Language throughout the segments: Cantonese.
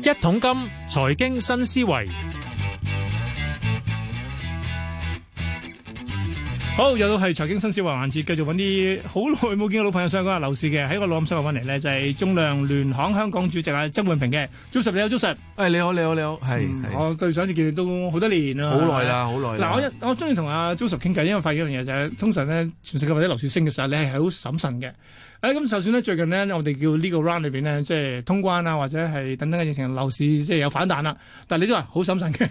一桶金財經新思維，好又到係財經新思維環節，繼續揾啲好耐冇見到老朋友上講下樓市嘅，喺我腦諗想揾嚟咧就係、是、仲量聯行香港主席啊曾煥平嘅，Joe 你好，Joe、哎，你好，你好，你好係，是嗯、是我對上次見你都好多年啦，好耐啦，好耐。嗱我我中意同阿 Joe 傾偈，因為發覺一樣嘢就係、是，通常咧全世界或者樓市升嘅時候，你係好審慎嘅。咁，哎、就算咧最近呢，我哋叫呢個 round 裏邊呢，即係通關啊，或者係等等嘅疫情，樓市即係有反彈啦、啊。但你都話好審慎嘅。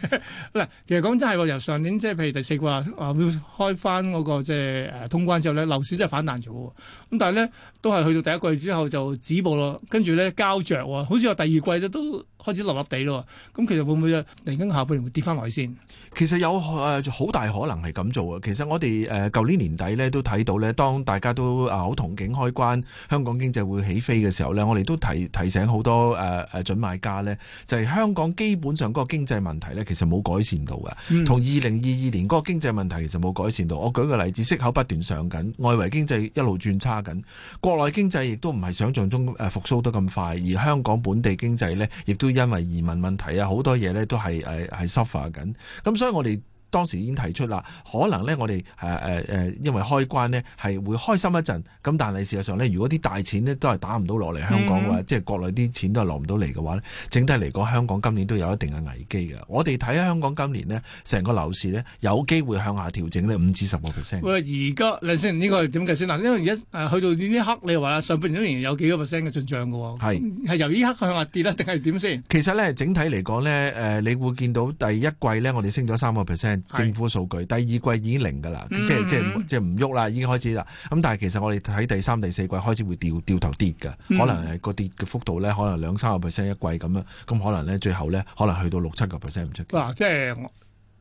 嗱， 其實講真係喎，由上年即係譬如第四季啊，開翻嗰、嗰個即係、啊、通關之後呢，樓市真係反彈咗喎。咁但係呢，都係去到第一季之後就止步咯。跟住咧膠着喎，好似話第二季咧都開始落落地咯，咁其實會唔會啊？嚟緊下半年會跌翻落去先？其實有誒好大可能係咁做啊。其實我哋誒舊年年底咧都睇到咧，當大家都啊好、憧憬開關香港經濟會起飛嘅時候咧，我哋都提提醒好多誒誒、準買家咧，就係、香港基本上嗰個經濟問題咧，其實冇改善到嘅。同二零二二年嗰個經濟問題其實冇改善到。我舉個例子，息口不斷上緊，外圍經濟一路轉差緊，國內經濟亦都唔係想像中誒復甦得咁快，而香港本地經濟咧亦都。因為移民問題啊，好多嘢咧都係誒係濕化緊，咁所以我哋。當時已經提出啦，可能咧我哋誒、呃呃、因為開關呢係會開心一陣，咁但係事實上呢，如果啲大錢呢都係打唔到落嚟香港嘅話，嗯、即係國內啲錢都係落唔到嚟嘅話呢，整體嚟講，香港今年都有一定嘅危機嘅。我哋睇香港今年呢，成個樓市呢，有機會向下調整、這個、呢五至十個 percent。喂，而家林先生呢個係點計先嗱？因為而家、呃、去到呢一刻，你話上半年仍然有幾個 percent 嘅進賬㗎喎？係是由呢一刻向下跌啦，定係點先？其實呢，整體嚟講呢、呃，你會見到第一季呢，我哋升咗三個 percent。政府數據是第二季已經零嘅啦，嗯、即係即係即係唔喐啦，已經開始啦。咁但係其實我哋睇第三、第四季開始會掉掉頭跌嘅，可能係嗰跌嘅幅度呢，可能兩三個 percent 一季咁樣，咁可能呢，最後呢，可能去到六七個 percent 唔出、啊、即係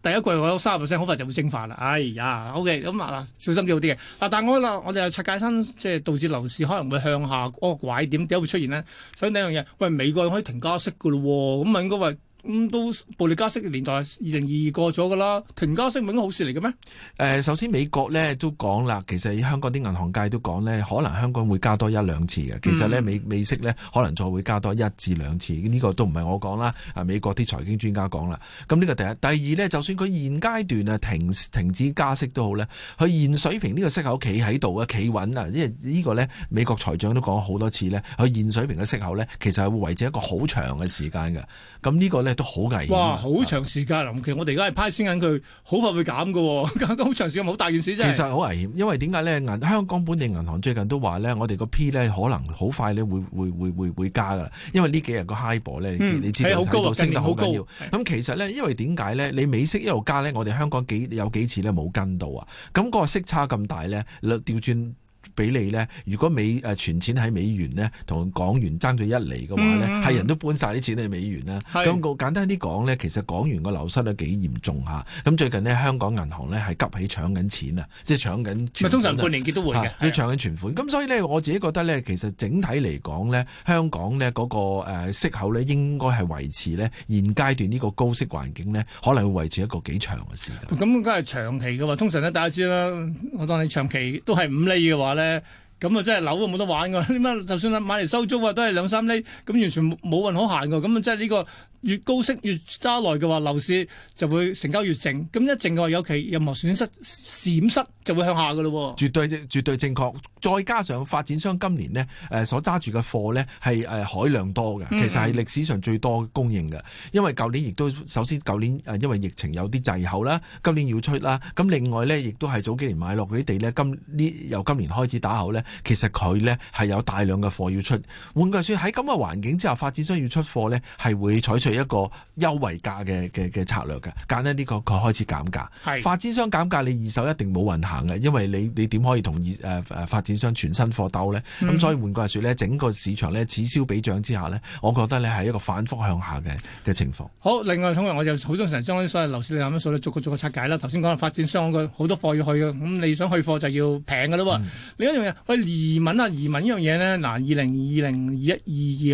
第一季我有三個 percent，好快就會蒸發啦。哎呀，OK，咁啊，小心啲好啲嘅。但係我啦，我哋拆解新，即係導致樓市可能會向下嗰個拐點點會出現呢？所以呢二樣嘢，喂，美國可以停加息嘅咯喎，咁啊應該話。咁、嗯、都暴力加息嘅年代，二零二二過咗㗎啦，停加息唔係好事嚟嘅咩？誒、呃，首先美國咧都講啦，其實香港啲銀行界都講咧，可能香港會加多一兩次嘅。其實咧美美息咧，可能再會加多一至兩次。呢、這個都唔係我講啦，美國啲財經專家講啦。咁呢個第一，第二咧，就算佢現階段啊停停止加息都好咧，佢現水平呢個息口企喺度啊企穩啊，因為個呢個咧美國財長都講好多次咧，佢現水平嘅息口咧，其實係會維持一個好長嘅時間嘅。咁呢個咧。都好危險、啊。哇！好長時間啦，其實我哋而家係派先緊佢，好快會減噶、啊。咁好長時間，冇大件事真係。其實好危險，因為點解咧？銀香港本地銀行最近都話咧，我哋個 P 咧可能好快咧會會會會會加噶。因為呢幾日個 high 波咧，嗯、你知好、嗯、高到、啊、近年升得好高。咁其實咧，因為點解咧？你美息一路加咧，我哋香港幾有幾次咧冇跟到啊？咁、那個息差咁大咧，調轉俾你咧，如果美誒存、啊、錢喺美元咧，同港元爭咗一厘嘅話咧，係、嗯嗯、人都搬晒啲錢去美元啦、啊。咁我的簡單啲講咧，其實港元個流失都幾嚴重下。咁最近呢，香港銀行咧係急起搶緊錢搶啊，即係搶緊。通常半年結都會嘅，搶、啊、搶緊存款。咁的所以咧，我自己覺得咧，其實整體嚟講咧，香港咧嗰、那個、呃、息口咧應該係維持咧，現階段呢個高息環境咧，可能會維持一個幾長嘅時間。咁梗係長期嘅嘛。通常咧，大家知啦，我當你長期都係五厘嘅話。咧咁啊，嗯、就真係樓啊冇得玩㗎，點解就算啊買嚟收租啊，都係兩三厘，咁完全冇運可行㗎，咁啊真係呢、呢個。越高息越揸耐嘅話，樓市就會成交越靜，咁一靜嘅話，有其任何損失閃失就會向下嘅咯。絕對，絕對正確。再加上發展商今年咧，誒、呃、所揸住嘅貨咧係誒海量多嘅，其實係歷史上最多的供應嘅。因為舊年亦都首先舊年、呃、因為疫情有啲滯後啦，今年要出啦。咁另外咧，亦都係早幾年買落嗰啲地咧，今呢由今年開始打口咧，其實佢咧係有大量嘅貨要出。換句話說，喺咁嘅環境之下，發展商要出貨咧係會採取。一個優惠價嘅嘅嘅策略嘅，簡單啲個佢開始減價，係是發展商減價，你二手一定冇運行嘅，因為你你點可以同二誒發展商全新貨鬥呢？咁、嗯嗯、所以換句話說呢，整個市場呢，此消彼長之下呢，我覺得咧係一個反覆向下嘅嘅情況。好，另外，因我就好多常相關所謂樓市啲啱啱數逐個逐個拆解啦。頭先講發展商好多貨要去嘅，咁你想去貨就要平噶啦。嗯、另一樣，去移民啊，移民呢樣嘢呢。嗱二零二零二一二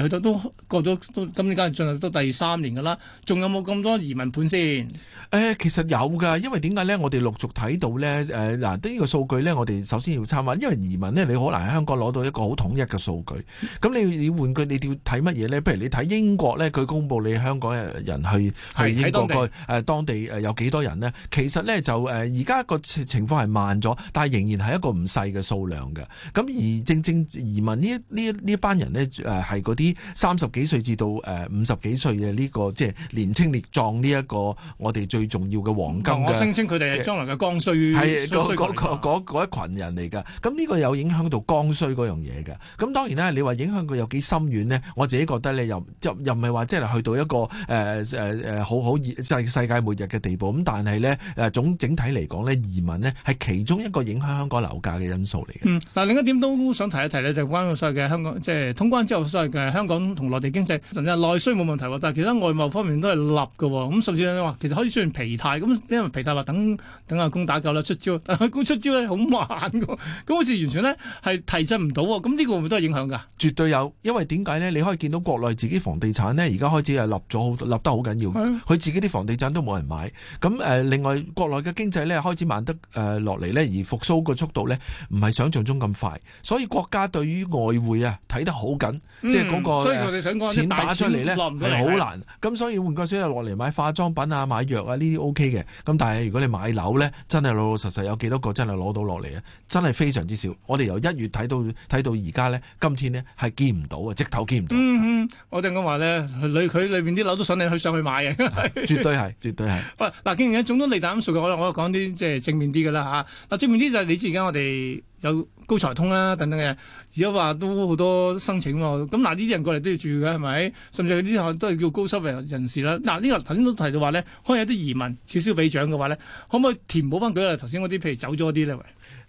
二去到都過咗，都咁而家進入到第三。三年噶啦，仲有冇咁多移民判先？誒，其實有噶，因為點解咧？我哋陸續睇到咧，誒、呃、嗱，這個、數呢個數據咧，我哋首先要參考。因為移民咧，你好難喺香港攞到一個好統一嘅數據，咁、嗯、你你換句，你要睇乜嘢咧？不如你睇英國咧，佢公布你香港人去是去英國個誒當地誒、呃、有幾多人咧？其實咧就誒而家個情況係慢咗，但係仍然係一個唔細嘅數量嘅。咁而正正移民呢呢呢一班人咧誒係嗰啲三十幾歲至到誒五十幾歲嘅。呢、這個即係年青力壯呢一個我哋最重要嘅黃金的、嗯。我聲稱佢哋係將來嘅剛需係嗰嗰一羣人嚟㗎，咁呢個有影響到剛需嗰樣嘢㗎。咁當然啦，你話影響佢有幾深遠呢？我自己覺得咧又又唔係話即係去到一個誒誒誒好好世界末日嘅地步。咁但係咧誒總整體嚟講咧，移民呢係其中一個影響香港樓價嘅因素嚟嘅、嗯。但係另一點都想提一提咧，就是、關所謂嘅香港，即係通關之後，所謂嘅香港同內地經濟甚至係內需冇問題喎，但係其外貿方面都係立嘅，咁甚至你話其實可以雖然疲態咁，因為皮太話等等阿公打夠啦出招，但阿公出招咧好慢嘅，咁好似完全咧係提振唔到喎。咁呢個會唔會都係影響㗎？絕對有，因為點解咧？你可以見到國內自己房地產咧，而家開始係立咗，立得好緊要。佢嗎自己啲房地產都冇人買。咁另外國內嘅經濟咧開始慢得落嚟咧，而復甦嘅速度咧唔係想像中咁快。所以國家對於外匯啊睇得好緊，嗯、即係嗰、嗰個所以佢哋想錢打出嚟咧好難咁所以換句說話落嚟買化妝品啊，買藥啊呢啲 O K 嘅。咁、OK、但係如果你買樓咧，真係老老實實有幾多個真係攞到落嚟啊？真係非常之少。我哋由一月睇到睇到而家咧，今天呢，係見唔到啊，直頭見唔到嗯。嗯哼，我聽講話咧里佢裏邊啲樓都想你去上去買啊，絕對係絕對係。喂、 啊，嗱，既然總總嚟講咁熟嘅，我我講啲即係正面啲噶啦吓。嗱、啊，正面啲就係你知而家我哋有。高才通啦、啊、等等嘅，而家話都好多申請喎、啊。咁嗱，呢啲人過嚟都要注意㗎係咪？甚至呢啲都係叫高收入人士啦。嗱、啊，呢、呢個頭先都提到話咧，可能有啲移民至少少俾獎嘅話咧，可唔可以填補翻佢啊頭先嗰啲譬如走咗啲咧？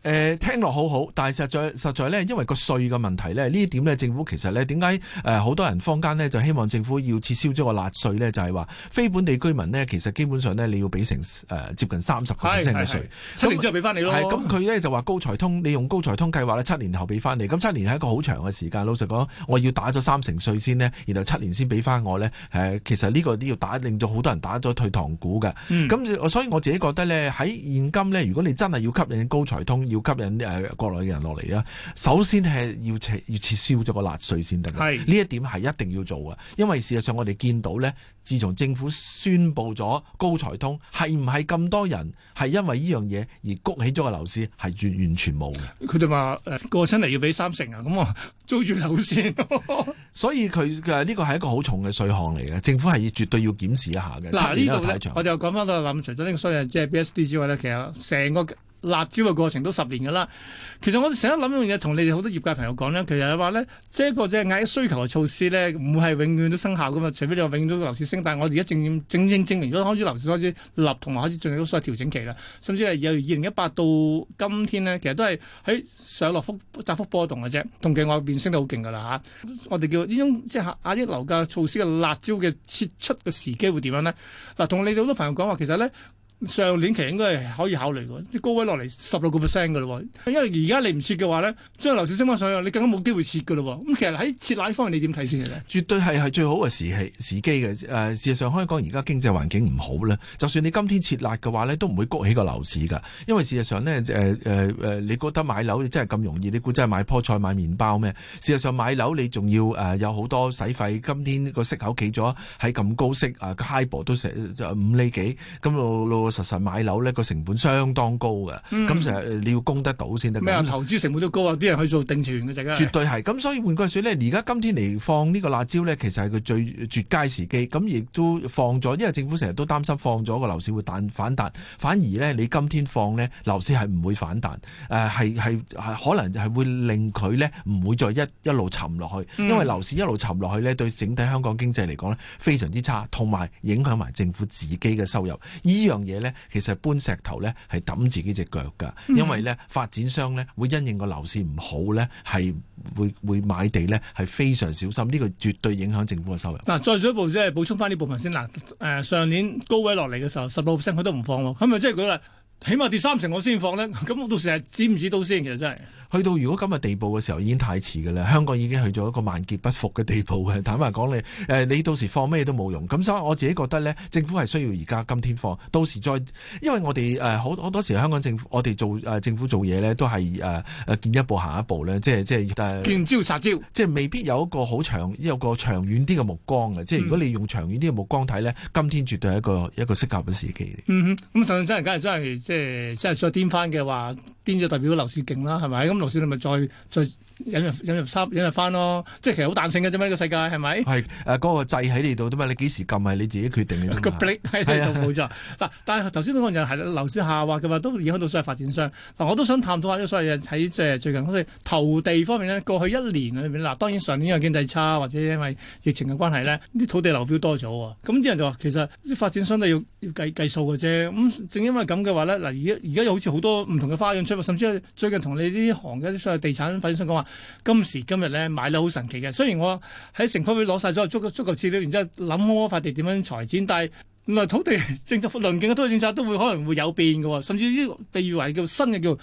誒，聽落好好，但係實在實在咧，因為個稅嘅問題咧，呢點咧，政府其實咧，點解誒好多人坊間呢，就希望政府要撤銷咗個辣稅呢，就係、是、話非本地居民呢，其實基本上呢，你要俾成誒、呃、接近三十個 percent 嘅稅，那七年之後俾翻你咯。咁佢咧就話高才通，你用高才通計劃呢，七年後俾翻你。咁七年係一個好長嘅時間，老實講，我要打咗三成稅先呢，然後七年先俾翻我呢。誒、呃，其實呢個都要打，令到好多人打咗退堂鼓嘅。咁、嗯、所以我自己覺得呢，喺現今呢，如果你真係要吸引高才通。要吸引誒、呃、國內嘅人落嚟啦，首先係要，要撤要撤銷咗個納稅先得嘅。呢是一點係一定要做嘅，因為事實上我哋見到咧，自從政府宣布咗高才通，係唔係咁多人係因為呢樣嘢而谷起咗個樓市係完完全冇嘅。佢哋話誒過親嚟要俾三成啊，咁啊租住樓先。 所以佢誒呢個係一個好重嘅稅項嚟嘅，政府係要絕對要檢視一下嘅。嗱、啊、呢度咧，我就講翻到諗，除咗呢個稅誒即係 B S D 之外咧，其實成個。辣椒嘅過程都十年噶啦，其實我哋成日諗樣嘢，同你哋好多業界朋友講咧，其實係話咧，即係一個即係壓抑需求嘅措施咧，唔會係永遠都生效噶嘛。除非你話永遠都個樓市升，但係我哋而家正正正證明咗開始樓市開始立，同埋開始進入咗所謂調整期啦。甚至係由二零一八到今天咧，其實都係喺上落幅窄幅波動嘅啫。同境外邊升得好勁噶啦嚇，我哋叫呢種即係壓抑樓價措施嘅辣椒嘅撤出嘅時機會點樣咧？嗱，同你哋好多朋友講話，其實咧。上年期應該係可以考慮嘅。啲高位落嚟十六個 percent 嘅咯喎，因為而家你唔撤嘅話咧，將樓市升返上去，你更加冇機會撤嘅咯喎。咁其實喺撤辣方面你，你點睇先嘅咧？絕對係係最好嘅時期時機嘅，誒、呃，事實上香港而家經濟環境唔好啦。就算你今天撤辣嘅話咧，都唔會谷起個樓市㗎，因為事實上咧，誒誒誒，你覺得買樓你真係咁容易？你估真係買棵菜買麵包咩？事實上買樓你仲要誒、呃、有好多使費，今天個息口企咗喺咁高息啊、呃、，HIBOR 都成五厘幾，咁、嗯實實買樓呢個成本相當高㗎，咁成日你要供得到先得。咩投資成本都高啊，啲人去做定存嘅啫。絕對係，咁所以換句說話呢，而家今天嚟放呢個辣椒呢，其實係佢最絕佳時機。咁亦都放咗，因為政府成日都擔心放咗個樓市會彈反彈，反而呢，你今天放呢，樓市係唔會反彈，誒係係可能係會令佢呢唔會再一一路沉落去。因為樓市一路沉落去呢，對整體香港經濟嚟講呢，非常之差，同埋影響埋政府自己嘅收入。呢樣嘢。咧，其實搬石頭咧係揼自己隻腳噶，因為咧發展商咧會因應個樓市唔好咧，係會會買地咧係非常小心，呢個絕對影響政府嘅收入。嗱，再進一步即係補充翻呢部分先。嗱，誒上年高位落嚟嘅時候，十六 percent 佢都唔放喎，咁咪即係佢話，起碼跌三成我先放咧，咁我到時係知唔知到先，其實真係。去到如果今日地步嘅時候已經太遲㗎啦，香港已經去咗一個萬劫不復嘅地步嘅。坦白講你，你到時放咩都冇用。咁所以我自己覺得呢，政府係需要而家今天放，到時再，因為我哋誒、呃、好好多時香港政府，我哋做政府做嘢呢，都係誒誒見一步行一步呢，即係、呃、即係見招拆招，即係未必有一個好長有個長遠啲嘅目光嘅。即係如果你用長遠啲嘅目光睇呢，嗯、今天絕對係一個一個適合嘅時期。咁上生真係真係即係即，即再癲翻嘅話，癲就代表樓市勁啦，係咪咁？樓市咪再再引入引入三，引入翻咯，即係其實好彈性嘅啫嘛，呢個世界係咪？係誒，嗰、啊那個掣喺你度啫嘛，你幾時撳係你自己決定嘅。是是啊那個 b l i n 冇錯。嗱、啊，但係頭先嗰個人係啦，樓市下滑嘅話，都影響到所有發展商。嗱，我都想探討下啲所有人喺誒最近好似土地方面呢，過去一年裡面，嗱，當然上年因為經濟差或者因為疫情嘅關係呢，啲土地流標多咗喎。咁啲人就話其實啲發展商都要要計計數嘅啫。咁正因為咁嘅話呢，嗱而而家有好似好多唔同嘅花樣出，甚至係最近同你啲啲商業地產發展商講話，今時今日咧買咧好神奇嘅。雖然我喺城規會攞曬咗所有足足夠資料，然之後諗好嗰塊地點樣裁剪，但係原來土地政策、鄰境嘅土地政策都會可能會有變嘅喎。甚至於被譽為新的叫新嘅叫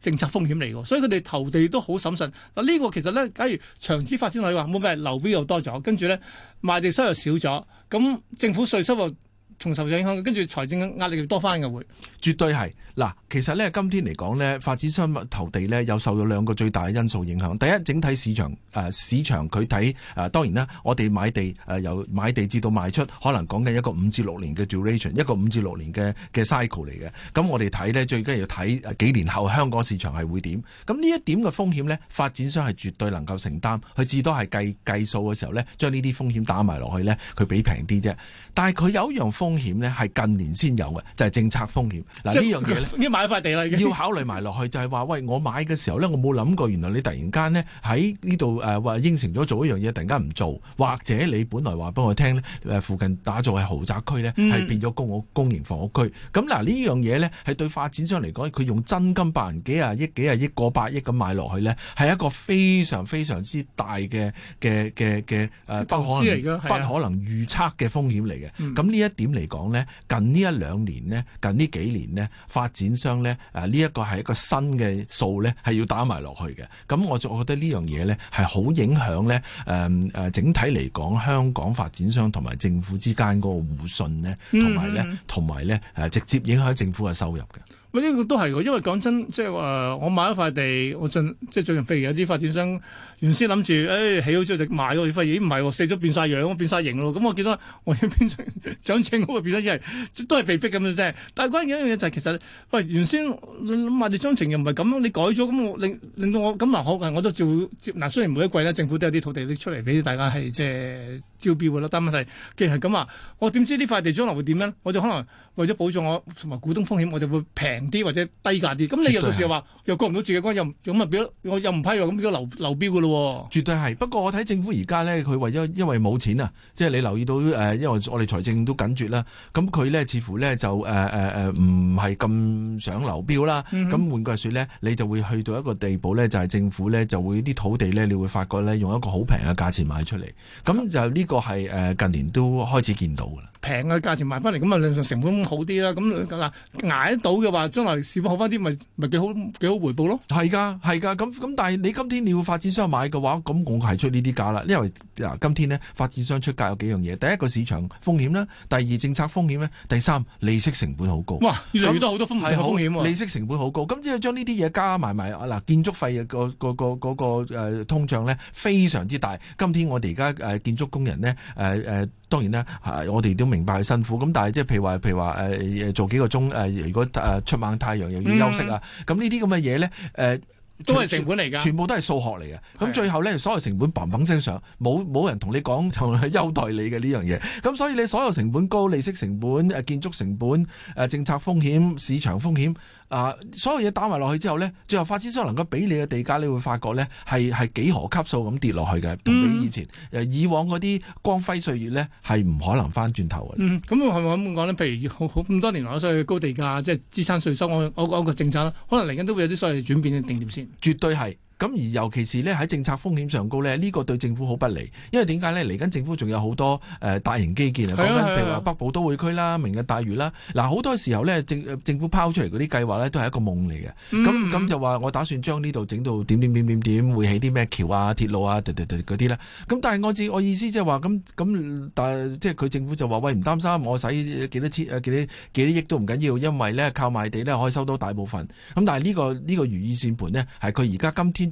政策風險嚟嘅，所以佢哋投地都好審慎嗱。呢個其實咧，假如長此發展落去話冇咩流標又多咗，跟住咧賣地收入少咗，咁政府稅收又重受影響，跟住財政壓力又多翻嘅會，絕對係嗱。其實呢，今天嚟講呢，發展商投地呢，又受咗兩個最大嘅因素影響。第一，整體市場誒、呃、市場佢睇誒，當然啦，我哋買地誒，由、呃、買地至到賣出，可能講緊一個五至六年嘅 duration，一個五至六年嘅嘅 cycle 嚟嘅。咁我哋睇呢，最緊要睇幾年後香港市場係會點。咁呢一點嘅風險呢，發展商係絕對能夠承擔，佢至多係計計數嘅時候呢，將呢啲風險打埋落去呢，佢俾平啲啫。但係佢有一樣風險風險咧係近年先有嘅，就係、是、政策風險。嗱、啊、即呢樣嘢咧，要買塊地啦，要考慮埋落去就係、是、話，喂，我買嘅時候咧，我冇諗過，原來你突然間咧喺呢度誒，或、呃、應承咗做一樣嘢，突然間唔做，或者你本來話俾我聽咧，誒，附近打造係豪宅區咧，係變咗公屋、公營房屋區。咁、啊、嗱呢樣嘢咧，係對發展商嚟講，佢用真金白銀幾廿、億、幾廿、億、過百億咁買落去咧，係一個非常非常之大嘅嘅嘅嘅誒，不可能、啊、不可能預測嘅風險嚟嘅。咁呢、嗯、一點。嚟講咧，近呢一兩年呢，近呢幾年呢，發展商咧，誒，呢一個係一個新嘅數咧，係要打埋落去嘅。咁我就覺得呢樣嘢咧，係好影響咧，誒誒，整體嚟講，香港發展商同埋政府之間嗰個互信咧，同埋咧，同埋咧，誒，直接影響政府嘅收入嘅。喂、嗯，呢、這個都係嘅，因為講真，即係話、呃，我買一塊地，我進即係最近，譬如有啲發展商。原先諗住，誒、哎、起好之後就買喎，我發現唔係喎，死咗變晒樣，變晒型咯。咁我見到我一邊想清，我變咗一係都係被逼咁啫。但係關鍵一樣嘢就係、是、其實，喂，原先諗賣地章程又唔係咁，你改咗咁，令令到我咁又好嘅，我都照嗱，雖然每一季咧，政府都有啲土地出嚟俾大家係即係招標嘅咯。但係問題既然係咁話，我點知呢塊地將來會點咧？我就可能為咗保障我同埋股東風險，我就會平啲或者低價啲。咁你又到時話又過唔到自己關，又咁啊變咗，我又唔批喎，咁變咗流流標嘅咯。絕對係，不過我睇政府而家呢，佢為咗、因為冇錢啊，即係你留意到誒、呃，因為我哋財政都緊絀啦，咁佢呢，似乎呢，就誒誒唔係咁想流標啦，咁換句話說呢，你就會去到一個地步呢，就係、是、政府呢就會啲土地呢，你會發覺呢，用一個好平嘅價錢賣出嚟，咁就呢個係誒、呃、近年都開始見到噶啦。平嘅價錢買翻嚟，咁啊，兩上成本好啲啦。咁嗱、啊、捱得到嘅話，將來市況好翻啲，咪咪幾好幾好回報咯？係㗎，係㗎。咁咁，但係你今天你要發展商買嘅話，咁我係出呢啲價啦。因為嗱、啊，今天呢，發展商出價有幾樣嘢，第一個市場風險啦，第二政策風險咧，第三利息成本好高。哇！越嚟越多好多風險，風險，係風、啊、利息成本好高，咁即係將呢啲嘢加埋埋啊！嗱，建築費、嗰個、嗰個、嗰個、嗰個、嗰個嗰個嗰個呃、通脹咧，非常之大。今天我哋而家誒建築工人呢。誒、呃、誒。呃當然啦，我哋都明白係辛苦。咁但係即係譬如話，譬如話做幾個鐘，如果出猛太陽又要休息啊，咁呢啲咁嘅嘢咧，誒都係成本嚟噶，全部都係數學嚟嘅。咁的最後咧，所有成本砰砰聲上，冇冇人同你講就係優待你嘅呢樣嘢。咁所以你所有成本高，利息成本、誒建築成本、誒政策風險、市場風險。啊！所有嘢打埋落去之後咧，最後發展商能夠俾你嘅地價，你會發覺咧係係幾何級數咁跌落去嘅，同以前。誒、嗯，以往嗰啲光輝歲月咧係唔可能翻轉頭嘅。咁係咪咁講咧？譬、嗯嗯嗯、如好好咁多年來，我所謂高地價即係資產稅收，我我個政策，可能嚟緊都會有啲所謂轉變嘅定點先。是絕對係。咁而尤其是咧喺政策風險上高咧，呢、呢個對政府好不利，因為點解咧嚟緊政府仲有好多誒、呃、大型基建啊，講緊譬如話北部都會區啦、明日大嶼啦，嗱好多時候咧政政府拋出嚟嗰啲計劃咧，都係一個夢嚟嘅。咁咁、嗯、就話我打算將呢度整到點點點點點會起啲咩橋啊、鐵路啊、嗰啲咧。咁但係我至我意思即係話咁咁，但係即係佢政府就話：喂唔擔心，我使幾多千幾多幾多億都唔緊要，因為咧靠賣地咧可以收到大部分。咁但係、這、呢個呢、呢個如意算盤呢，係佢而家今天。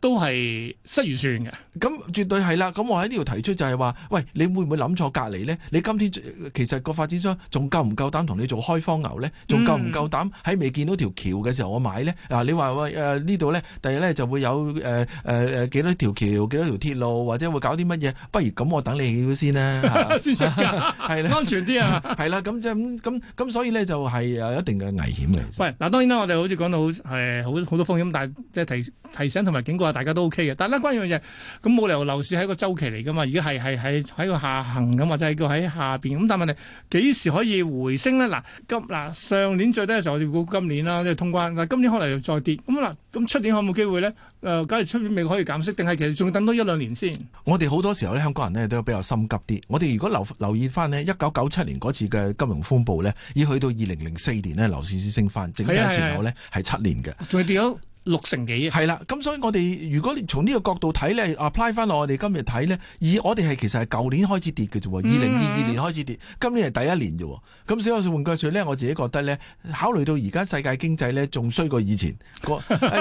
都係失預算嘅，咁、嗯、絕對係啦。咁我喺呢度提出就係話，喂，你會唔會諗錯隔離呢？你今天其實個發展商仲夠唔夠膽同你做開荒牛呢？仲夠唔夠膽喺未見到條橋嘅時候我買呢？啊，嗱，你話喂呢度呢，第日呢就會有誒、呃呃、幾多條橋、幾多條鐵路，或者會搞啲乜嘢？不如咁，我等你去先啦、啊，先安全啲啊，係 啦，咁咁咁所以呢，就係有一定嘅危險嘅。喂，嗱、呃，當然啦，我哋好似講到好好多風險，但係提提醒同埋警告。大家都 OK 嘅，但係咧，關於樣嘢咁，冇理由樓市係一個周期嚟噶嘛？如果係係係喺個下行咁或者係個喺下邊咁，但係問題幾時可以回升呢？嗱，今嗱上年最低嘅時候，我哋估今年啦，即係通關。嗱，今年可能又再跌咁嗱，咁出年可冇機會咧？誒，假如出年未美國可以減息，定係其實仲要等多一兩年先？我哋好多時候咧，香港人呢都比較心急啲。我哋如果留留意翻呢，一九九七年嗰次嘅金融風暴咧，已去到二零零四年呢，樓市先升翻，淨低前後呢，係七年嘅。仲係跌？六成幾啊？係啦，咁所以我哋如果從呢個角度睇咧，apply 翻落我哋今日睇呢，以我哋係其實係舊年開始跌嘅啫喎，二零二二年開始跌，嗯、哼今年係第一年啫喎。咁所以我換句説咧，我自己覺得呢，考慮到而家世界經濟呢，仲衰過以前，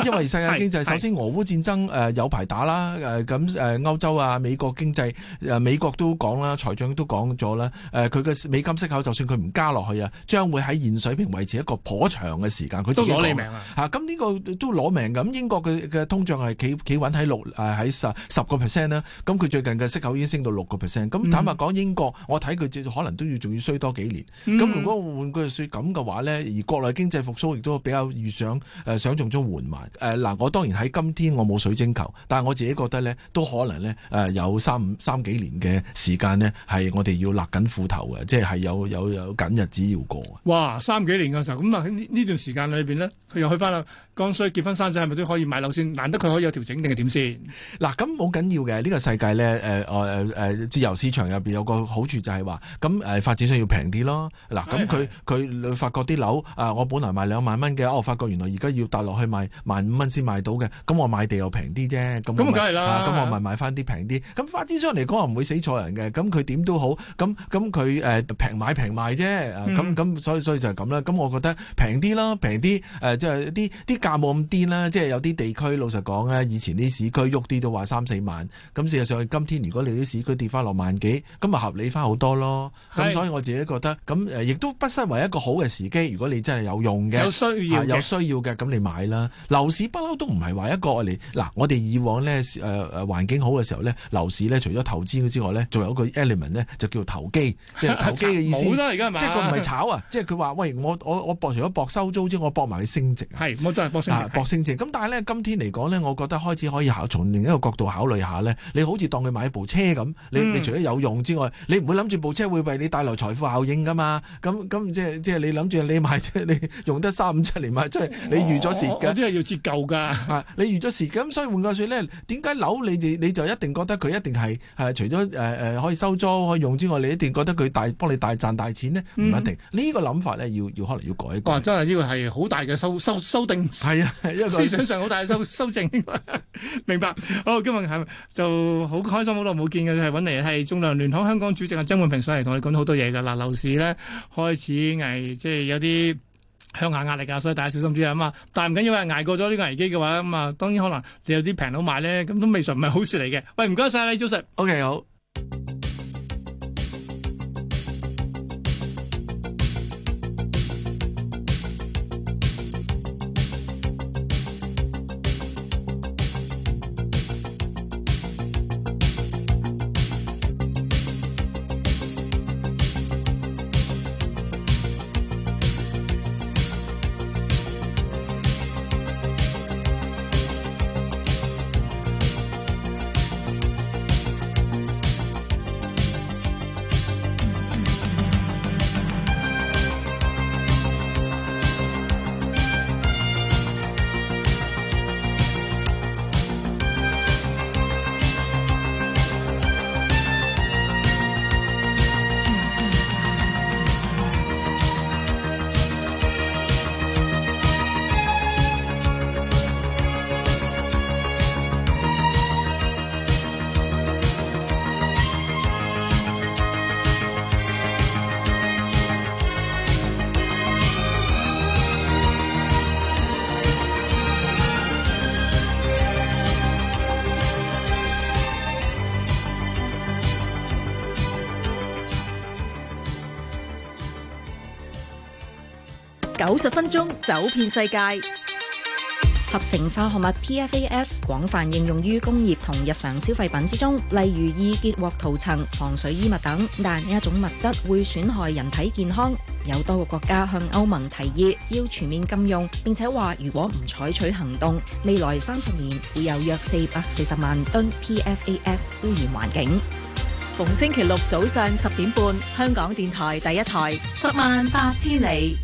因為世界經濟首先俄烏戰爭誒有排打啦，誒咁誒歐洲啊美國經濟，誒、呃、美國都講啦，財長都講咗啦，誒佢嘅美金息口就算佢唔加落去啊，將會喺現水平維持一個頗長嘅時間。佢都攞你命啊！咁呢、啊呃這個都攞咁英國嘅嘅通脹係企企穩喺六誒喺十十個 percent 啦。咁、啊、佢最近嘅息口已經升到六個 percent。咁坦白講，英國我睇佢可能都要仲要衰多幾年。咁如果換句説咁嘅話咧，而國內經濟復甦亦都比較預想誒，想像中緩慢。誒嗱，我當然喺今天我冇水晶球，但係我自己覺得咧，都可能咧誒有三五三幾年嘅時間呢，係我哋要勒緊褲頭嘅，即係係有有有緊日子要過嘅。哇！三幾年嘅時候，咁啊喺呢段時間裏邊咧，佢又去翻啦剛需結婚。山仔係咪都可以買樓先？難得佢可以有調整定係點先？嗱，咁冇緊要嘅呢、呢個世界咧，誒誒誒，自由市場入邊有個好處就係話，咁誒發展商要平啲咯。嗱，咁佢佢發覺啲樓啊、呃，我本嚟賣兩萬蚊嘅，我發覺原來而家要跌落去賣萬五蚊先賣到嘅，咁我買地又平啲啫。咁咁梗係啦，咁我咪買翻啲平啲。咁發展商嚟講唔會死錯人嘅，咁佢點都好，咁咁佢誒平買平賣啫。咁咁、嗯啊、所以所以就係咁啦。咁我覺得平啲咯，平啲誒，即係啲啲價冇咁癲。即係有啲地區，老實講咧，以前啲市區喐啲都話三四萬，咁事實上，佢今天如果你啲市區跌翻六萬幾，咁咪合理翻好多咯。咁是所以我自己覺得，咁誒亦都不失為一個好嘅時機。如果你真係有用嘅、啊，有需要嘅，有需要嘅，咁你買啦。樓市不嬲都唔係話一個嚟，嗱、啊，我哋以往咧誒誒環境好嘅時候咧，樓市咧除咗投資之外咧，仲有一個 element 咧就叫做投機，即係投機嘅意思。 冇啦，而家即係佢唔係炒啊，即係佢話，喂，我我我搏，我除咗搏收租之外，我搏埋佢升值。係，冇錯，搏升、啊。咁但係咧，今天嚟講咧，我覺得開始可以考從另一個角度考慮下咧。你好似當佢買一部車咁，你、嗯、你除咗有用之外，你唔會諗住部車會為你帶來財富效應噶嘛？咁、嗯、咁、嗯、即係即係你諗住你買你用得三五七年買車，你預咗蝕噶？嗰啲係要折舊噶、啊。你預咗蝕，咁所以換句說話咧，點解樓你哋你就一定覺得佢一定係、啊、除咗誒誒可以收租可以用之外，你一定覺得佢大幫你大賺大錢咧？唔一定。嗯、個呢個諗法咧，要要可能要改。哇！真係呢個係好大嘅修修修訂。係啊。 思想上好大修修正，明白。好，今日係就好開心，好耐冇見嘅，係揾嚟係仲量聯行香港主席啊，曾煥平上嚟同你講好多嘢㗎。嗱，樓市呢，開始捱，即係有啲向下壓力㗎，所以大家小心啲啊，咁啊。但係唔緊要，因為捱過咗啲危機嘅話，咁啊，當然可能你有啲平樓買呢，咁都未純唔係好事嚟嘅。喂，唔該晒，你，早晨。OK，好。九十分鐘走遍世界。合成化學物 P F A S 廣泛應用於工業同日常消費品之中，例如易潔鑊塗層、防水衣物等。但呢一種物質會損害人體健康，有多個國家向歐盟提議要全面禁用，並且話如果唔採取行動，未來三十年會有約四百四十萬噸 P F A S 污染環境。逢星期六早上十點半，香港電台第一台，十萬八千里。